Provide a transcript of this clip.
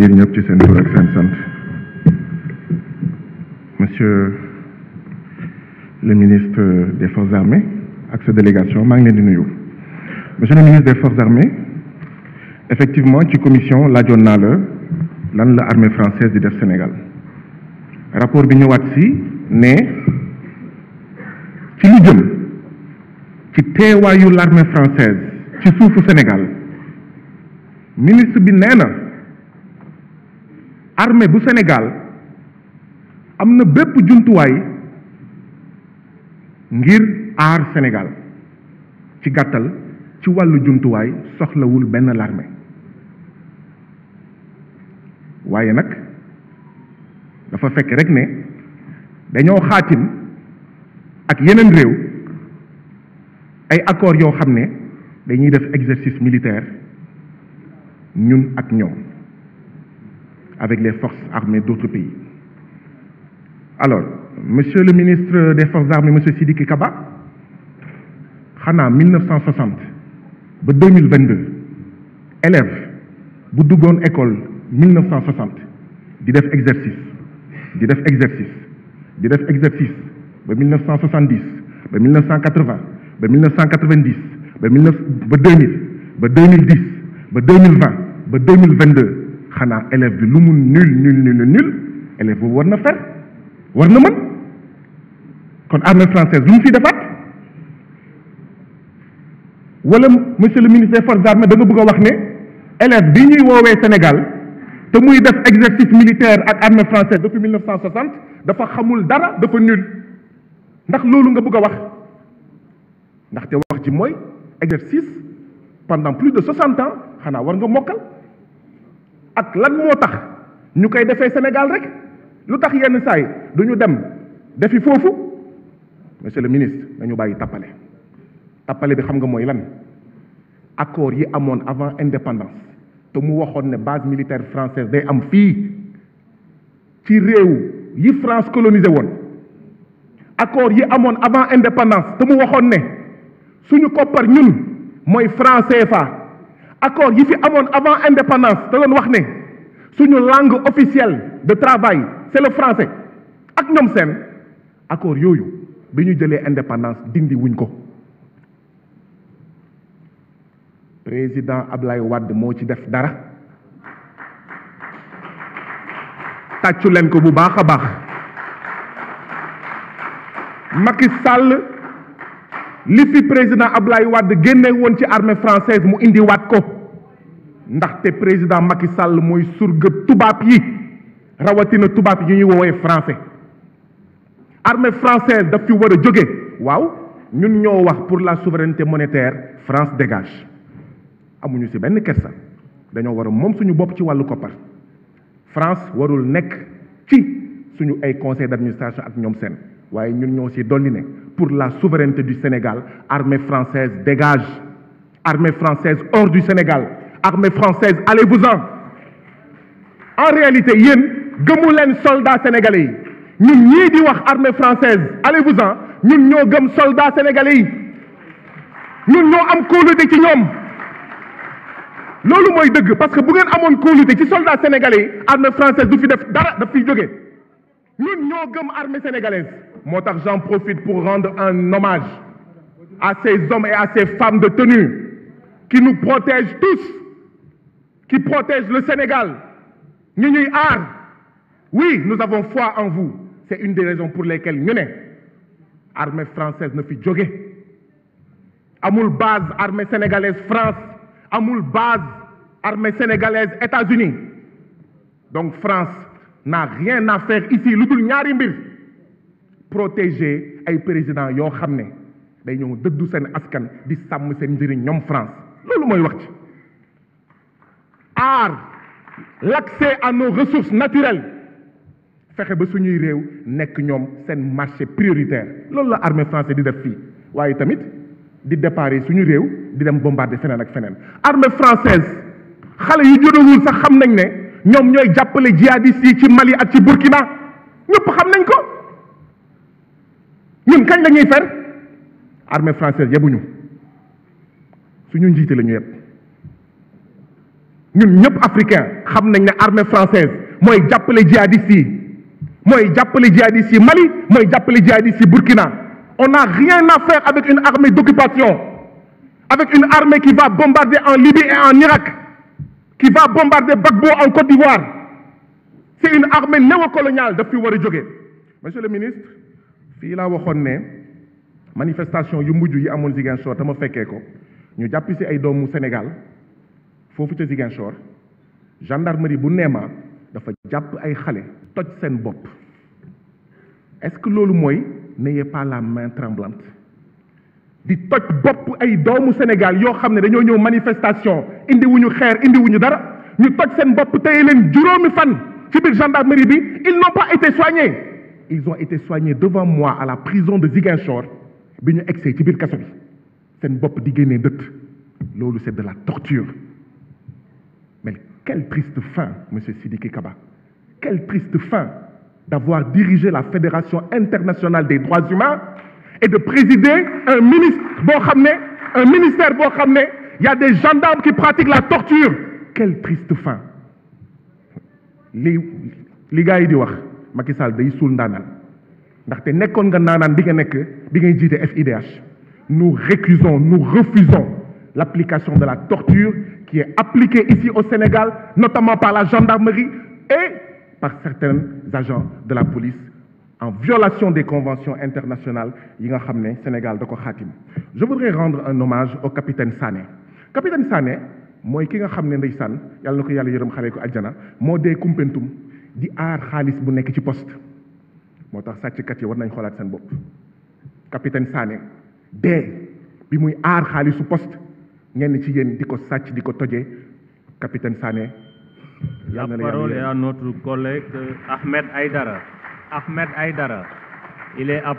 yéen ñëpp ci seen tur ak sant monsieur le ministre des forces armées ak sa délégation maa ngi leen di nuyu monsieur le ministre des forces armées effectivement ci commission laajoon naa la lan la armée française di def Sénégal rapport bi ñëwaat si ne ci lu jëm ci teewaayu l'armée française ci suufu Sénégal ministre bi nee na armée bu Sénégal am na bépp jumtuwaay ngir aar Sénégal ci gàttal ci wàllu jumtuwaay soxlawul benn l'armée waaye nag dafa fekk rek ne dañoo xaatim ak yeneen réew ay accords yoo xam ne dañuy def exercice militaire ñun ak ñoom avec les forces armées d'autres pays. Alors, monsieur le ministre des Forces armées, monsieur Sidiki Kaba, xanaa 1960 ba 2022 élève bu duggoon école 1960 di def exercice di def exercice di def exercice ba 1970 ba 1980 ba 1990 ba 19 ba 2000 ba 2010 ba 2020 ba 2022 xanaa élève bi lu mu nul nul nul nul élève boobu war na fer war na mën kon armée française lu mu fi defaat wala monsieur le ministre des forces armées da nga bëgg a wax ne élève bi ñuy woowee Sénégal te muy def exercice militaire ak armée française depuis 1960 dafa xamul dara dafa nul ndax loolu nga bugg a wax ndaxte wax ci mooy exercice pendant plus de 60 ans xanaa war nga mokkal. ak lan moo tax ñu koy defee Sénégal rek lu tax yenn saay du ñu dem defi foofu monsieur le ministre nañu bàyyi tappale tappale bi xam nga mooy lan accord yi amoon avant indépendance te mu waxoon ne base militaire française day am fii ci réew yi France colonisé woon accord yi amoon avant indépendance te mu waxoon ne suñu koppar ñun mooy franc fa accord yi fi amoon avant indépendance da doon wax ne suñu langue officielle de travail c'est le français ak ñoom seen accord yooyu bi ñu jëlee indépendance dindi wuñ ko président Ablaye wàdd moo ci def dara tàccu leen ko bu baax a baax Macky Sall li fi président Ablaye Wade génne woon ci armée française mu indiwaat ko ndaxte président Macky Sall mooy surga tubaab yi rawatina tubaab yi ñuy woowee français armée française daf fi war a jóge waaw ñun ñoo wax pour la souveraineté monétaire France dégage amuñu ci benn kersa dañoo war a moom suñu bopp ci wàllu koppar France warul nekk ci suñu ay conseil d'administration ak ñoom seen waaye ñun ñoo si dolli ne pour la souveraineté du Sénégal armée française dégage armée française hors du Sénégal armée française allez-vous-en en réalité yéen gëmu leen soldats sénégalais yi ñun ñii di wax armée française allez-vous-en ñun ñoo gëm solda sénégalais yi ñun ñoo am kóolute ci ñoom loolu mooy dëgg parce que bu ngeen amoon kóolute ci solda sénégalais yi armée française du fi def dara daf fiy jóge ñun ñoo gëm armée sénégalaise moo tax j'en profite pour rendre un hommage à ces hommes et à ces femmes de tenue qui nous protègent tous qui protègent le Sénégal ñu ñuy aar oui nous avons foi en vous c'est une des raisons pour lesquelles ñu ne armée française ne fi jóge amul base armée sénégalaise France amul base armée sénégalaise États-Unis donc France n'a rien à faire ici lu dul ñaari mbir protéger ay président yoo xam ne day ñëw dëddu seen askan di sàmm seen njëriñ ñoom France loolu mooy wax ci aar l'accès à nos ressources naturelles fexe ba suñuy réew nekk ñoom seen marché prioritaire loolu la armée française di def fii waaye tamit di déparé suñu réew di dem bombarder feneen ak feneen armée française xale yu judduwul sax xam nañ ne ñoom ñooy jàppale jihadistes yi ci Mali ak ci Burkina ñëpp xam nañ ko ñun kañ la ñuy fer armée française yebuñu suñu njiite la ñu yeb ñun ñëpp africain xam nañ ne armée française mooy jàppale jihadistes yi mooy jàppale jihadistes yi Mali mooy jàppale jihadistes yi Burkina on n'a rien à faire avec une armée d'occupation avec une armée qui va bombarder en Libye et en Irak qui va bombarder Gbagbo en Côte d'Ivoire c'est une armée néocoloniale daf fi war a jógee monsieur le ministre fii laa waxoon ne manifestation yu mujj yi amoon Ziguinchor te ma fekkee ko ñu jàpp si ay doomu Sénégal foofu ca Ziguinchor gendarmerie bu neema dafa jàpp ay xale toj seen bopp est-ce que loolu mooy n'ayez pas la main tremblante di toj bopp ay doomu Sénégal yoo xam ne dañoo ñëw manifestation indi wuñu xeer indi wuñu dara ñu toj seen bopp téye leen juróomi fan ci biir gendarmerie bi ils n'ont pas été soignés ils ont été soignés devant moi à la prison de Ziguinchor bi ñu egsee ci biir kaso bi seen bopp di génnee dëtt loolu c'est de la torture mais quelle triste fin monsieur Sidiki Kaba quelle triste fin d'avoir dirigé la Fédération internationale des droits humains et de présider un ministre boo xam ne ministère boo xam ne il y a des gendarmes qui pratiquent la torture quelle triste fin li li gars yi di wax Macky Sall day suul ndaanaan ndaxte nekkoon nga ndaanaan bi nga nekk bi ngay jiite FIDH nous récusons nous refusons l'application de la torture qui est appliquée ici au Sénégal notamment par la gendarmerie et par certains agents de la police en violation des conventions internationales yi nga xam ne Sénégal da ko xaatim je voudrais rendre un hommage au capitaine Sané capitaine Sané mooy ki nga xam ne ndeysaan yàlla na ko yàlla yërëm xaree ko aljana moo dee Koumpentoum di aar xaalis bu nekk ci poste moo tax sàcckat yi war nañ xoolaat seen bopp capitaine Sané dee bi muy aar xaalisu post ngeen ci yéen di ko sàcc di ko tojee capitaine Sané. La parole est à notre collègue Ahmed Aïdara. Ahmed Aïdara. Il est